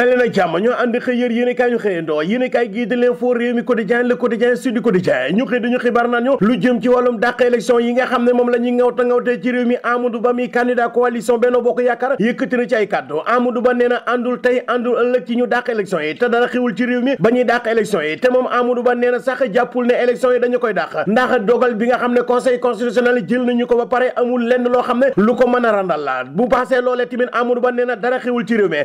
dali na jàmm ñoo ànd xëy yér yéen i kaay ñu xëyandoo yéen i kaay gii di l'info réew mi quotidien le quotidien sud du quotidien ñu xëy dañu xibaar naan lu jëm ci wàllum dàq élection yi nga xam ne moom la ñuy ngawta ngawtee ci réew mi Amadou Ba mi candidat coalition Benno Bokk Yaakaar yëkkati na ci ay kàddu Amadou Ba nee na tey àndul ëllëg ci ñu dàq élection yi te dara xiwul ci réew mi ba ñuy dàq élection yi te moom Amadou Ba nee na sax jàppul ne élection yi dañu koy dàq ndax dogal bi nga xam ne conseil constitutionnel jël nañu ko ba pare amul lenn loo xam ne lu ko mën a randal la bu passé loolee tamit Amadou Ba nee na dara xiwul ci mi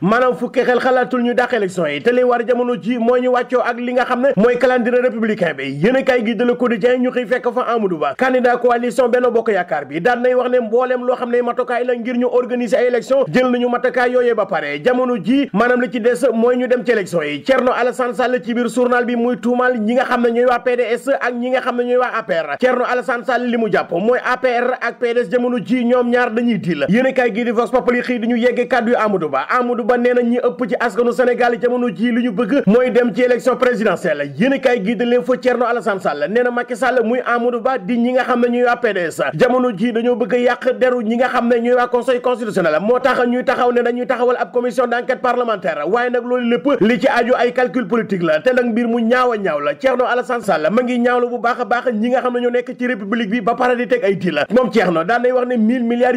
xalaatul ñu dàq élection yi te li war jamono ji mooy ñu wàccoo ak li nga xam ne mooy calendrier républicain bi yéen a kaay gi de Le Quotidien ñu xëy fekk fa Amadou Ba candidat coalition Benno Bokk Yaakaar bi daan nay wax ne mbooleem loo xam ne matukaay la ngir ñu organiser ay élection jël nañu matukaay yooyee ba pare jamono ji maanaam li ci des mooy ñu dem ci élection yi Thierno Alassane Sall ci biir journal bi muy tuumal ñi nga xam ne ñooy waa PDS ak ñi nga xam ne ñooy waa APR Thierno Alassane Sall li mu jàpp mooy APR ak PDS jamono ji ñoom ñaar dañuy dil yéen a kaay gi di Vox Populi xëy di ñu yegge kàddu yu Amadou Ba Amadou Ba nee na ñi ëpp ci as askanu Sénégal jamono ji li ñu bëgg mooy dem ci élection présidentielle yéenekaay gi de l'info Thierno Alassane Sall nee na Macky Sall muy Amadou Ba di ñi nga xam ne ñuy waa PDS ji dañoo bëgg yàq deru ñi nga xam ne ñuy waa conseil constitutionnel moo tax ñuy taxaw ne dañuy taxawal ab commission d'enquête parlementaire waaye nag loolu lépp li ci aju ay calcul politique la te nag mbir mu ñaaw a ñaaw la Thierno Alassane Sall ma ngi ñaawlu bu baax baax ñi nga xam ne ñoo nekk ci république bi ba pare di teg ay tiila moom Thierno daan nay wax ni mille milliards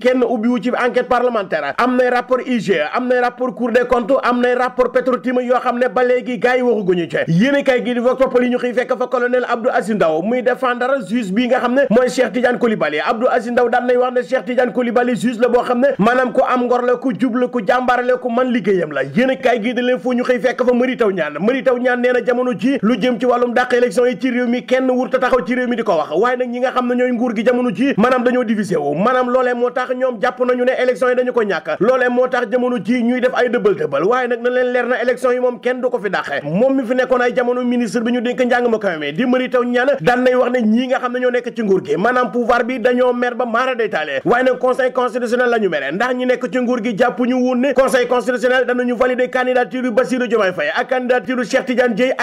kenn ubbiwu ci enquête parlementaire am nay rapport am nay rapport cour des comptes am nay rapport Petrotim yoo xam ne ba léegi gars yi waxuguñu ci yéen kaay gi di vox populi ñu xëy fekk fa colonel Abdou Aziz Ndaw muy défendre juge bi nga xam ne mooy Cheikh Tidiane Coulibaly Abdou Aziz Ndaw daan wax ne Cheikh Tidiane Coulibaly juge la boo xam ne maanaam ku am ngor ku jub la ku jàmbaar la ku man liggéeyam la yéen kaay gi di leen fu ñu xëy fekk fa Mary Teuw Niane Mary Teuw Niane nee lu jëm jamono ji nekk ci nguur gi maanaam pouvoir bi conseil constitutionnel la ñu mere ndax ñi nekk ci nguur gi jàpp ñu woon ne conseil ak candidature Cheikh Tidiane Dièye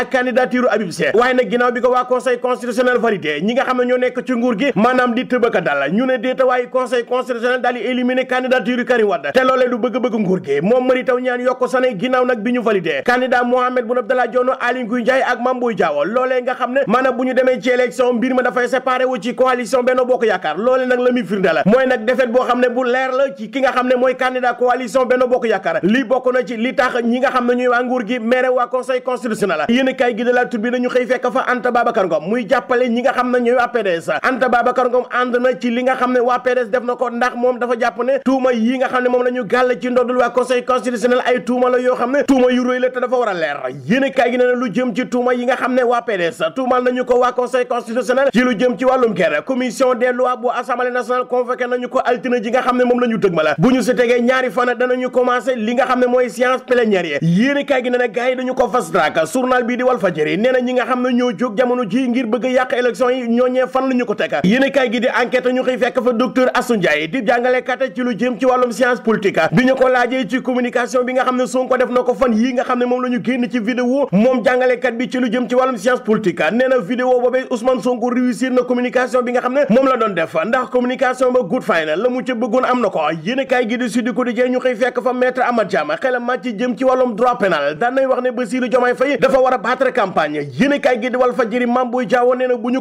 waaye nag ginnaaw bi ko waa conseil constitutionnel validé ñi nga xam ne ñoo nekk ci nguur gi maanaam di tëbaka dal ñu ne déeta waaye conseil constitutionnel daal di éliminer candidature Karim Wade te loolee du bëgg-bëgg nguur nguur gi moom Mary Teuw Niane yokk sanay ginnaaw nag bi ñu validé candidat Mohamed Boun Abdallah Dionne Aly Ngouille Ndiaye ak Mame Boye Diao loolee nga xam ne maanaam bu ñu demee ci élection mbir ma dafay séparé ci coalition Benno Bokk Yaakaar loolee nag la muy firnde la mooy nag défaite boo xam ne bu leer la ci ki nga xam ne mooy candidat coalition Benno Bokk Yaakaar lii bokk na ci li tax ñi nga xam ne ñuy waa nguur gi mere waa ko ndax moom la ñu gàll waa conseil constitutionnel ay tuuma la yoo xam ne tuuma yu rëy la te dafa war a leer yéene kaay gi nee na lu jëm ci tuuma yi nga xam ne waa PDS tuumal nañu ko waa conseil constitutionnel ci lu jëm ci wàllum guerre commission des lois bu assemblée nationale convoqué nañu ko altine ji nga xam ne moom la ñu dëg ma la bu ñu si tegee ñaari fan danañu commencé li nga xam ne mooy séance plénière ko fast track journal nee na ñi nga xam ne ñoo jóg ji ngir bëgg yàq élection yi ñooñee fan la ñu ko teg yéene kaay gi di enquête ñu xëy fekk fa docteur Assou Ndiaye di jàngalekat ci lu jëm ci waajee ci communication bi nga xam ne Sonko def na ko fan yii nga xam ne moom la ñu génn ci vidéo moom jàngalekat bi ci lu jëm ci wàllum science politique nee na vidéo boobee Ousmane Sonko réussir na communication bi nga xam ne moom la doon def ndax communication ba good final la mu ca wax ne Bassirou Diomaye Faye dafa war a a kaay gi di Walf Fadjri Mame Boye na bu ne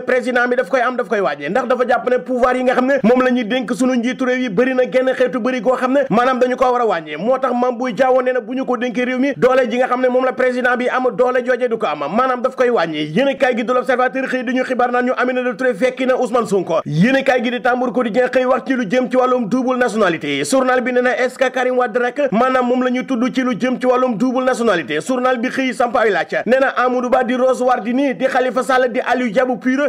président bi daf koy koy waajee ndax dafa jàpp ne pouvoir yi nga xam ne moom la ñuy dénk sunu njiitu réew yi bëri genn xeetu bëri goo xam ne maanaam dañu ko war a wàññi moo tax mam buy jaawoo nee na bu ñu ko dénkee réew mi doole ji nga xam ne moom la président bi am doole jooje du ko am maanaam daf koy wàññi yéene gi du l'observateur xëy di xibaar naan ñu Aminata Touré fekki na Ousmane Sonko yéene kaay gi di Tambour quotidien xëy wax ci lu jëm ci wàllum double nationalité journal bi xëy samp ay laaj nee na Amadou di Rose Wardini di Khalifa Sall di Aliou Diabou Pire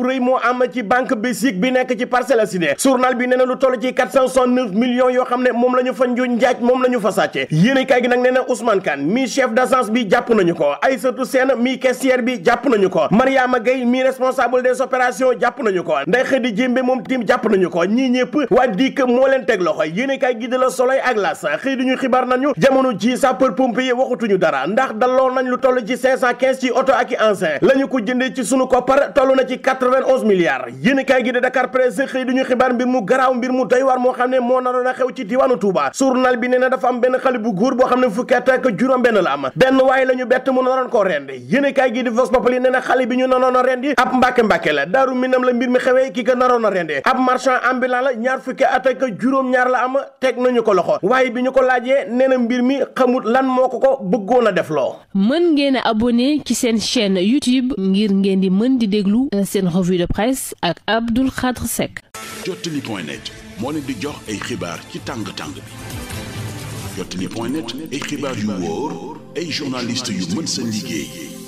bu rëy moo am ci banque basique bi nekk ci Parcelles Assainies journal bi nee lu toll ci 469 yoo xam ne moom la fa njaaj moom la fa sàcce yéene gi nag nee na Ousmane Kane chef d'agence bi jàpp nañu ko Aïssatou Sène mi caissière bi jàpp nañu ko Mariama Gueye mi responsable des opérations jàpp nañu ko Ndeye Khady Diémbe moom tim jàpp nañu ko ñii ñëpp waa dikk moo leen teg loxo yéene gi de la Soleil ak L'As xëy duñu xibaar nañu jamono 91 milliards yéen kaay gi de Dakar Presse xëy duñu xibaar mbir mu garaaw mbir mu doy waar moo xam ne moo naroon a xew ci diwaanu Touba journal bi nee na dafa am benn xale bu góor boo xam ne fukki at ak juróom benn la am benn waaye la ñu bett mu naroon koo rend yéen kaay gi di Vox Populi nee na xale bi ñu naroon a rendi ab mbàkke-mbàkke la daaru minam la mbir mi xewee ki ko naroon a rende ab marchand ambulant la ñaar fukki at juróom-ñaar la am teg nañu ko loxo waaye bi ñu ko laajee nee na mbir mi xamut lan moo ko ko bëggoon a def loo mën ngeen a abonné ci seen chaîne YouTube ngir ngeen di mën di déglu euh, revue de presse ak Abdou Khadre Seck. moo leen di jox ay xibaar ci tàng-tàng bi Jotali point net ay xibaar yu wóor ay journaliste yu mën seen liggéey.